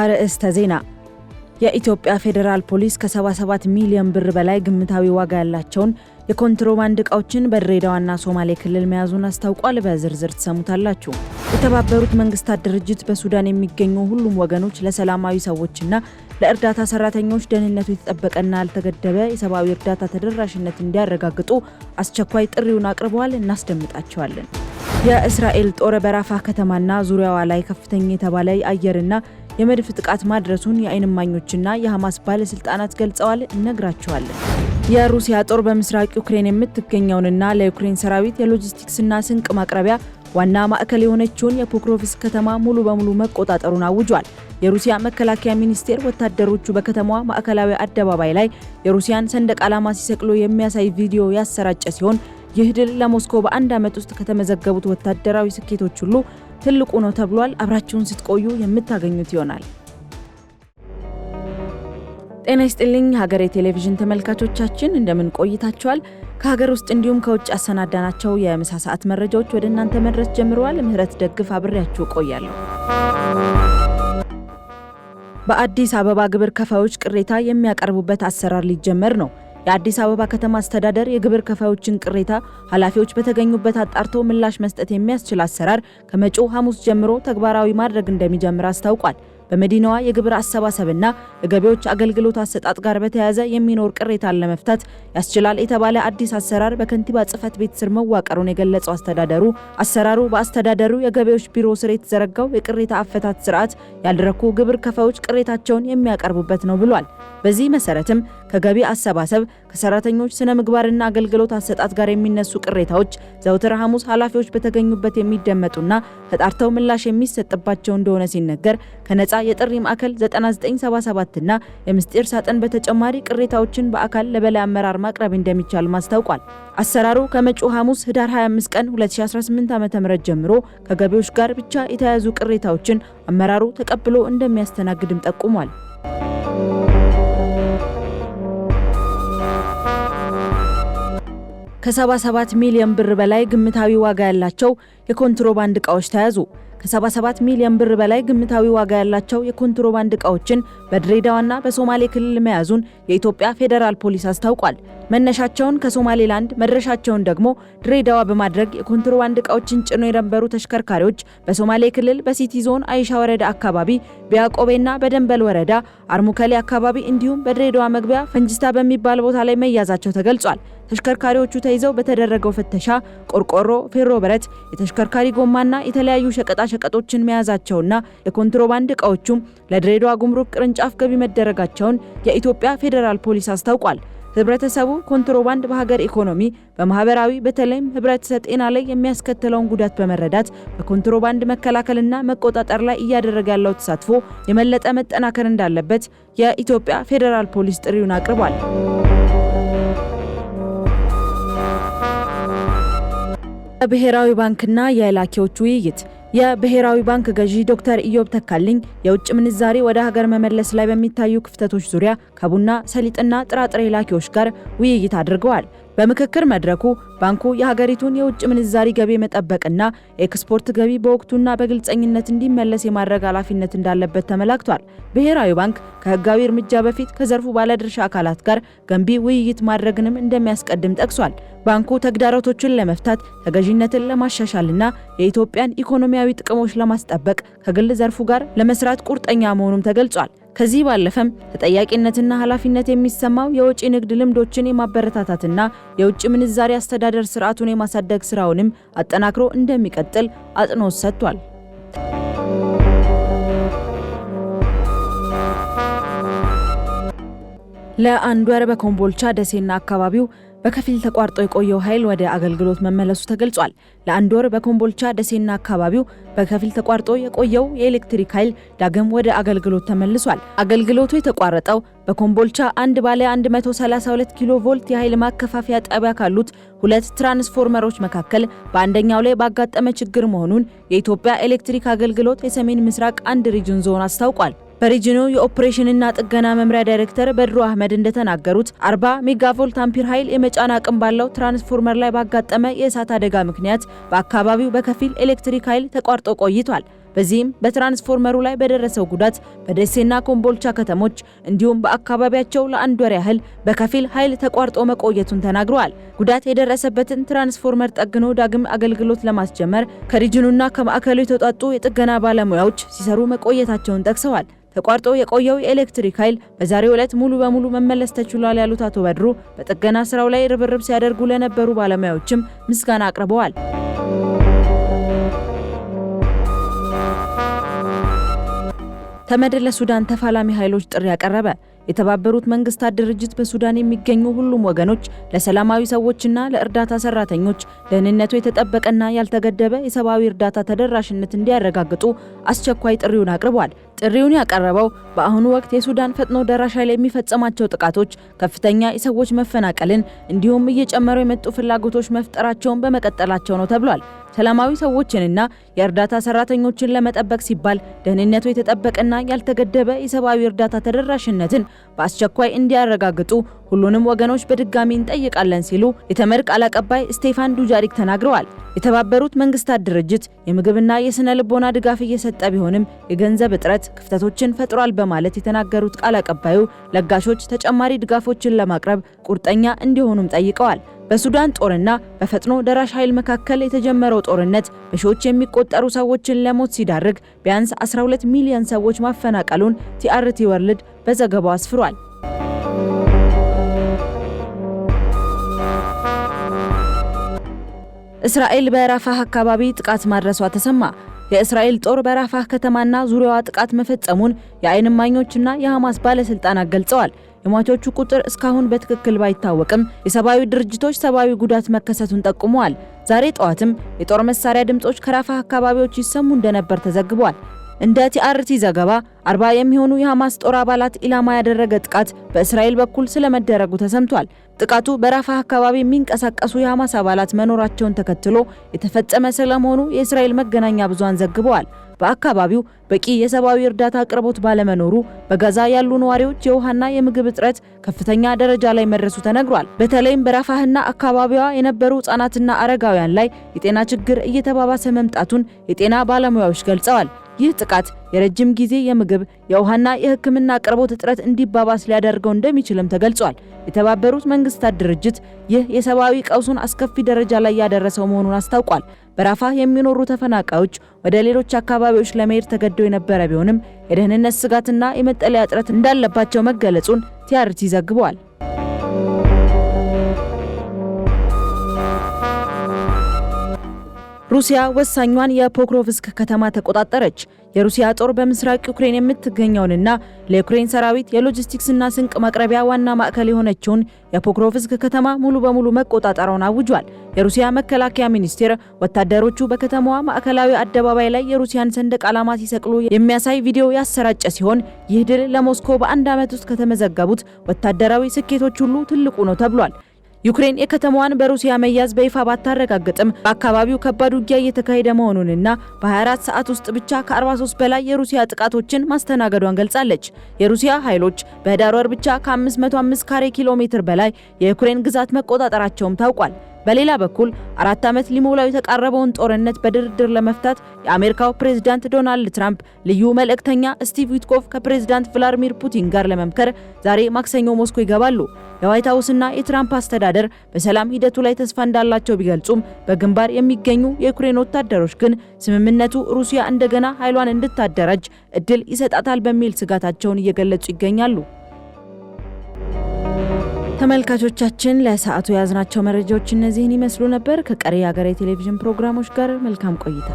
አርዕስተ ዜና የኢትዮጵያ ፌዴራል ፖሊስ ከ77 ሚሊዮን ብር በላይ ግምታዊ ዋጋ ያላቸውን የኮንትሮባንድ ዕቃዎችን በድሬዳዋና ሶማሌ ክልል መያዙን አስታውቋል። በዝርዝር ትሰሙታላችሁ። የተባበሩት መንግስታት ድርጅት በሱዳን የሚገኙ ሁሉም ወገኖች ለሰላማዊ ሰዎችና ለእርዳታ ሰራተኞች ደህንነቱ የተጠበቀና ያልተገደበ የሰብአዊ እርዳታ ተደራሽነት እንዲያረጋግጡ አስቸኳይ ጥሪውን አቅርበዋል። እናስደምጣቸዋለን። የእስራኤል ጦር በራፋ ከተማና ዙሪያዋ ላይ ከፍተኛ የተባለ አየርና የመድፍ ጥቃት ማድረሱን የአይን እማኞችና የሐማስ ባለስልጣናት ገልጸዋል። እነግራቸዋለን። የሩሲያ ጦር በምስራቅ ዩክሬን የምትገኘውንና ለዩክሬን ሰራዊት የሎጂስቲክስና ስንቅ ማቅረቢያ ዋና ማዕከል የሆነችውን የፖክሮቭስክ ከተማ ሙሉ በሙሉ መቆጣጠሩን አውጇል። የሩሲያ መከላከያ ሚኒስቴር ወታደሮቹ በከተማዋ ማዕከላዊ አደባባይ ላይ የሩሲያን ሰንደቅ ዓላማ ሲሰቅሎ የሚያሳይ ቪዲዮ ያሰራጨ ሲሆን ይህ ድል ለሞስኮ በአንድ ዓመት ውስጥ ከተመዘገቡት ወታደራዊ ስኬቶች ሁሉ ትልቁ ነው ተብሏል። አብራችሁን ስትቆዩ የምታገኙት ይሆናል። ጤና ይስጥልኝ ሀገሬ ቴሌቪዥን ተመልካቾቻችን እንደምን ቆይታችኋል? ከሀገር ውስጥ እንዲሁም ከውጭ አሰናዳናቸው የምሳ ሰዓት መረጃዎች ወደ እናንተ መድረስ ጀምረዋል። ምህረት ደግፍ አብሬያችሁ ቆያለሁ። በአዲስ አበባ ግብር ከፋዮች ቅሬታ የሚያቀርቡበት አሰራር ሊጀመር ነው። የአዲስ አበባ ከተማ አስተዳደር የግብር ከፋዮችን ቅሬታ ኃላፊዎች በተገኙበት አጣርተው ምላሽ መስጠት የሚያስችል አሰራር ከመጪው ሐሙስ ጀምሮ ተግባራዊ ማድረግ እንደሚጀምር አስታውቋል። በመዲናዋ የግብር አሰባሰብና የገቢዎች አገልግሎት አሰጣጥ ጋር በተያያዘ የሚኖር ቅሬታን ለመፍታት ያስችላል የተባለ አዲስ አሰራር በከንቲባ ጽህፈት ቤት ስር መዋቀሩን የገለጸው አስተዳደሩ አሰራሩ በአስተዳደሩ የገቢዎች ቢሮ ስር የተዘረጋው የቅሬታ አፈታት ስርዓት ያልደረኩ ግብር ከፋዮች ቅሬታቸውን የሚያቀርቡበት ነው ብሏል። በዚህ መሰረትም ከገቢ አሰባሰብ፣ ከሰራተኞች ስነ ምግባርና አገልግሎት አሰጣጥ ጋር የሚነሱ ቅሬታዎች ዘውትር ሐሙስ ኃላፊዎች በተገኙበት የሚደመጡና ተጣርተው ምላሽ የሚሰጥባቸው እንደሆነ ሲነገር ከነጻ ነፃ የጥሪ ማዕከል 9977 እና የምስጢር ሳጥን በተጨማሪ ቅሬታዎችን በአካል ለበላይ አመራር ማቅረብ እንደሚቻል ማስታውቋል። አሰራሩ ከመጪው ሐሙስ ህዳር 25 ቀን 2018 ዓ.ም ጀምሮ ከገቢዎች ጋር ብቻ የተያያዙ ቅሬታዎችን አመራሩ ተቀብሎ እንደሚያስተናግድም ጠቁሟል። ከ77 ሚሊዮን ብር በላይ ግምታዊ ዋጋ ያላቸው የኮንትሮባንድ እቃዎች ተያዙ። ከ77 ሚሊዮን ብር በላይ ግምታዊ ዋጋ ያላቸው የኮንትሮባንድ እቃዎችን በድሬዳዋና በሶማሌ ክልል መያዙን የኢትዮጵያ ፌዴራል ፖሊስ አስታውቋል። መነሻቸውን ከሶማሌላንድ መድረሻቸውን ደግሞ ድሬዳዋ በማድረግ የኮንትሮባንድ እቃዎችን ጭኖ የነበሩ ተሽከርካሪዎች በሶማሌ ክልል በሲቲ ዞን አይሻ ወረዳ አካባቢ፣ በያቆቤና በደንበል ወረዳ አርሙከሌ አካባቢ እንዲሁም በድሬዳዋ መግቢያ ፈንጅስታ በሚባል ቦታ ላይ መያዛቸው ተገልጿል። ተሽከርካሪዎቹ ተይዘው በተደረገው ፍተሻ ቆርቆሮ፣ ፌሮ ብረት፣ ተሽከርካሪ ጎማና የተለያዩ ሸቀጣ ሸቀጦችን መያዛቸውና የኮንትሮባንድ እቃዎቹም ለድሬዳዋ ጉምሩክ ቅርንጫፍ ገቢ መደረጋቸውን የኢትዮጵያ ፌዴራል ፖሊስ አስታውቋል። ህብረተሰቡ ኮንትሮባንድ በሀገር ኢኮኖሚ በማህበራዊ በተለይም ህብረተሰብ ጤና ላይ የሚያስከትለውን ጉዳት በመረዳት በኮንትሮባንድ መከላከልና መቆጣጠር ላይ እያደረገ ያለው ተሳትፎ የመለጠ መጠናከር እንዳለበት የኢትዮጵያ ፌዴራል ፖሊስ ጥሪውን አቅርቧል። የብሔራዊ ባንክና የላኪዎች ውይይት። የብሔራዊ ባንክ ገዢ ዶክተር ኢዮብ ተካልኝ የውጭ ምንዛሬ ወደ ሀገር መመለስ ላይ በሚታዩ ክፍተቶች ዙሪያ ከቡና ሰሊጥና ጥራጥሬ ላኪዎች ጋር ውይይት አድርገዋል። በምክክር መድረኩ ባንኩ የሀገሪቱን የውጭ ምንዛሪ ገቢ መጠበቅና ኤክስፖርት ገቢ በወቅቱና በግልጸኝነት እንዲመለስ የማድረግ ኃላፊነት እንዳለበት ተመላክቷል። ብሔራዊ ባንክ ከህጋዊ እርምጃ በፊት ከዘርፉ ባለድርሻ አካላት ጋር ገንቢ ውይይት ማድረግንም እንደሚያስቀድም ጠቅሷል። ባንኩ ተግዳሮቶችን ለመፍታት ተገዥነትን ለማሻሻልና የኢትዮጵያን ኢኮኖሚያዊ ጥቅሞች ለማስጠበቅ ከግል ዘርፉ ጋር ለመስራት ቁርጠኛ መሆኑም ተገልጿል። ከዚህ ባለፈም ተጠያቂነትና ኃላፊነት የሚሰማው የወጪ ንግድ ልምዶችን የማበረታታትና የውጭ ምንዛሪ አስተዳ አስተዳደር ስርዓቱን የማሳደግ ስራውንም አጠናክሮ እንደሚቀጥል አጽንኦት ሰጥቷል። ለአንድ ወር በኮምቦልቻ ደሴና አካባቢው በከፊል ተቋርጦ የቆየው ኃይል ወደ አገልግሎት መመለሱ ተገልጿል። ለአንድ ወር በኮምቦልቻ ደሴና አካባቢው በከፊል ተቋርጦ የቆየው የኤሌክትሪክ ኃይል ዳግም ወደ አገልግሎት ተመልሷል። አገልግሎቱ የተቋረጠው በኮምቦልቻ አንድ ባለ 132 ኪሎ ቮልት የኃይል ማከፋፈያ ጣቢያ ካሉት ሁለት ትራንስፎርመሮች መካከል በአንደኛው ላይ ባጋጠመ ችግር መሆኑን የኢትዮጵያ ኤሌክትሪክ አገልግሎት የሰሜን ምስራቅ አንድ ሪጅን ዞን አስታውቋል። በሪጅኑ የኦፕሬሽንና ጥገና መምሪያ ዳይሬክተር በድሮ አህመድ እንደተናገሩት 40 ሜጋቮልት አምፒር ኃይል የመጫን አቅም ባለው ትራንስፎርመር ላይ ባጋጠመ የእሳት አደጋ ምክንያት በአካባቢው በከፊል ኤሌክትሪክ ኃይል ተቋርጦ ቆይቷል። በዚህም በትራንስፎርመሩ ላይ በደረሰው ጉዳት በደሴና ኮምቦልቻ ከተሞች እንዲሁም በአካባቢያቸው ለአንድ ወር ያህል በከፊል ኃይል ተቋርጦ መቆየቱን ተናግረዋል። ጉዳት የደረሰበትን ትራንስፎርመር ጠግኖ ዳግም አገልግሎት ለማስጀመር ከሪጅኑና ከማዕከሉ የተውጣጡ የጥገና ባለሙያዎች ሲሰሩ መቆየታቸውን ጠቅሰዋል። ተቋርጦ የቆየው የኤሌክትሪክ ኃይል በዛሬው ዕለት ሙሉ በሙሉ መመለስ ተችሏል ያሉት አቶ በድሩ በጥገና ስራው ላይ ርብርብ ሲያደርጉ ለነበሩ ባለሙያዎችም ምስጋና አቅርበዋል። ተመድ ለሱዳን ተፋላሚ ኃይሎች ጥሪ ያቀረበ የተባበሩት መንግስታት ድርጅት በሱዳን የሚገኙ ሁሉም ወገኖች ለሰላማዊ ሰዎችና ለእርዳታ ሰራተኞች ደህንነቱ የተጠበቀና ያልተገደበ የሰብአዊ እርዳታ ተደራሽነት እንዲያረጋግጡ አስቸኳይ ጥሪውን አቅርቧል። ጥሪውን ያቀረበው በአሁኑ ወቅት የሱዳን ፈጥኖ ደራሽ ኃይል የሚፈጸማቸው ጥቃቶች ከፍተኛ የሰዎች መፈናቀልን እንዲሁም እየጨመሩ የመጡ ፍላጎቶች መፍጠራቸውን በመቀጠላቸው ነው ተብሏል። ሰላማዊ ሰዎችንና የእርዳታ ሰራተኞችን ለመጠበቅ ሲባል ደህንነቱ የተጠበቀና ያልተገደበ የሰብአዊ እርዳታ ተደራሽነትን በአስቸኳይ እንዲያረጋግጡ ሁሉንም ወገኖች በድጋሚ እንጠይቃለን ሲሉ የተመድ ቃል አቀባይ ስቴፋን ዱጃሪክ ተናግረዋል። የተባበሩት መንግስታት ድርጅት የምግብና የስነ ልቦና ድጋፍ እየሰጠ ቢሆንም የገንዘብ እጥረት ክፍተቶችን ፈጥሯል በማለት የተናገሩት ቃል አቀባዩ ለጋሾች ተጨማሪ ድጋፎችን ለማቅረብ ቁርጠኛ እንዲሆኑም ጠይቀዋል። በሱዳን ጦርና በፈጥኖ ደራሽ ኃይል መካከል የተጀመረው ጦርነት በሺዎች የሚቆጠሩ ሰዎችን ለሞት ሲዳርግ ቢያንስ 12 ሚሊዮን ሰዎች ማፈናቀሉን ቲአርቲ ወርልድ በዘገባው አስፍሯል። እስራኤል በራፋህ አካባቢ ጥቃት ማድረሷ ተሰማ። የእስራኤል ጦር በራፋህ ከተማና ዙሪያዋ ጥቃት መፈጸሙን የአይን እማኞችና የሐማስ ባለስልጣናት ገልጸዋል። የሟቾቹ ቁጥር እስካሁን በትክክል ባይታወቅም የሰብአዊ ድርጅቶች ሰብአዊ ጉዳት መከሰቱን ጠቁመዋል። ዛሬ ጠዋትም የጦር መሳሪያ ድምጾች ከራፋህ አካባቢዎች ይሰሙ እንደነበር ተዘግቧል። እንደ ቲአርቲ ዘገባ አርባ የሚሆኑ የሐማስ ጦር አባላት ኢላማ ያደረገ ጥቃት በእስራኤል በኩል ስለመደረጉ ተሰምቷል። ጥቃቱ በራፋ አካባቢ የሚንቀሳቀሱ የሐማስ አባላት መኖራቸውን ተከትሎ የተፈጸመ ስለመሆኑ የእስራኤል መገናኛ ብዙሃን ዘግበዋል። በአካባቢው በቂ የሰብአዊ እርዳታ አቅርቦት ባለመኖሩ በጋዛ ያሉ ነዋሪዎች የውሃና የምግብ እጥረት ከፍተኛ ደረጃ ላይ መድረሱ ተነግሯል። በተለይም በራፋህና አካባቢዋ የነበሩ ሕጻናትና አረጋውያን ላይ የጤና ችግር እየተባባሰ መምጣቱን የጤና ባለሙያዎች ገልጸዋል። ይህ ጥቃት የረጅም ጊዜ የምግብ የውሃና የሕክምና አቅርቦት እጥረት እንዲባባስ ሊያደርገው እንደሚችልም ተገልጿል። የተባበሩት መንግስታት ድርጅት ይህ የሰብአዊ ቀውሱን አስከፊ ደረጃ ላይ ያደረሰው መሆኑን አስታውቋል። በራፋ የሚኖሩ ተፈናቃዮች ወደ ሌሎች አካባቢዎች ለመሄድ ተገደው የነበረ ቢሆንም የደህንነት ስጋትና የመጠለያ እጥረት እንዳለባቸው መገለጹን ቲአርቲ ዘግቧል። ሩሲያ ወሳኟን የፖክሮቭስክ ከተማ ተቆጣጠረች። የሩሲያ ጦር በምስራቅ ዩክሬን የምትገኘውንና ለዩክሬን ሰራዊት የሎጂስቲክስና ስንቅ ማቅረቢያ ዋና ማዕከል የሆነችውን የፖክሮቭስክ ከተማ ሙሉ በሙሉ መቆጣጠሯን አውጇል። የሩሲያ መከላከያ ሚኒስቴር ወታደሮቹ በከተማዋ ማዕከላዊ አደባባይ ላይ የሩሲያን ሰንደቅ ዓላማ ሲሰቅሉ የሚያሳይ ቪዲዮ ያሰራጨ ሲሆን ይህ ድል ለሞስኮ በአንድ ዓመት ውስጥ ከተመዘገቡት ወታደራዊ ስኬቶች ሁሉ ትልቁ ነው ተብሏል። ዩክሬን የከተማዋን በሩሲያ መያዝ በይፋ ባታረጋግጥም በአካባቢው ከባድ ውጊያ እየተካሄደ መሆኑንና በ24 ሰዓት ውስጥ ብቻ ከ43 በላይ የሩሲያ ጥቃቶችን ማስተናገዷን ገልጻለች። የሩሲያ ኃይሎች በህዳር ወር ብቻ ከ505 ካሬ ኪሎ ሜትር በላይ የዩክሬን ግዛት መቆጣጠራቸውም ታውቋል። በሌላ በኩል አራት ዓመት ሊሞላው የተቃረበውን ጦርነት በድርድር ለመፍታት የአሜሪካው ፕሬዝዳንት ዶናልድ ትራምፕ ልዩ መልእክተኛ ስቲቭ ዊትኮቭ ከፕሬዝዳንት ቭላዲሚር ፑቲን ጋር ለመምከር ዛሬ ማክሰኞ ሞስኮ ይገባሉ። የዋይት ሀውስና የትራምፕ አስተዳደር በሰላም ሂደቱ ላይ ተስፋ እንዳላቸው ቢገልጹም በግንባር የሚገኙ የዩክሬን ወታደሮች ግን ስምምነቱ ሩሲያ እንደገና ኃይሏን እንድታደራጅ እድል ይሰጣታል በሚል ስጋታቸውን እየገለጹ ይገኛሉ። ተመልካቾቻችን ለሰዓቱ የያዝናቸው መረጃዎች እነዚህን ይመስሉ ነበር። ከቀሪ የሀገሬ ቴሌቪዥን ፕሮግራሞች ጋር መልካም ቆይታ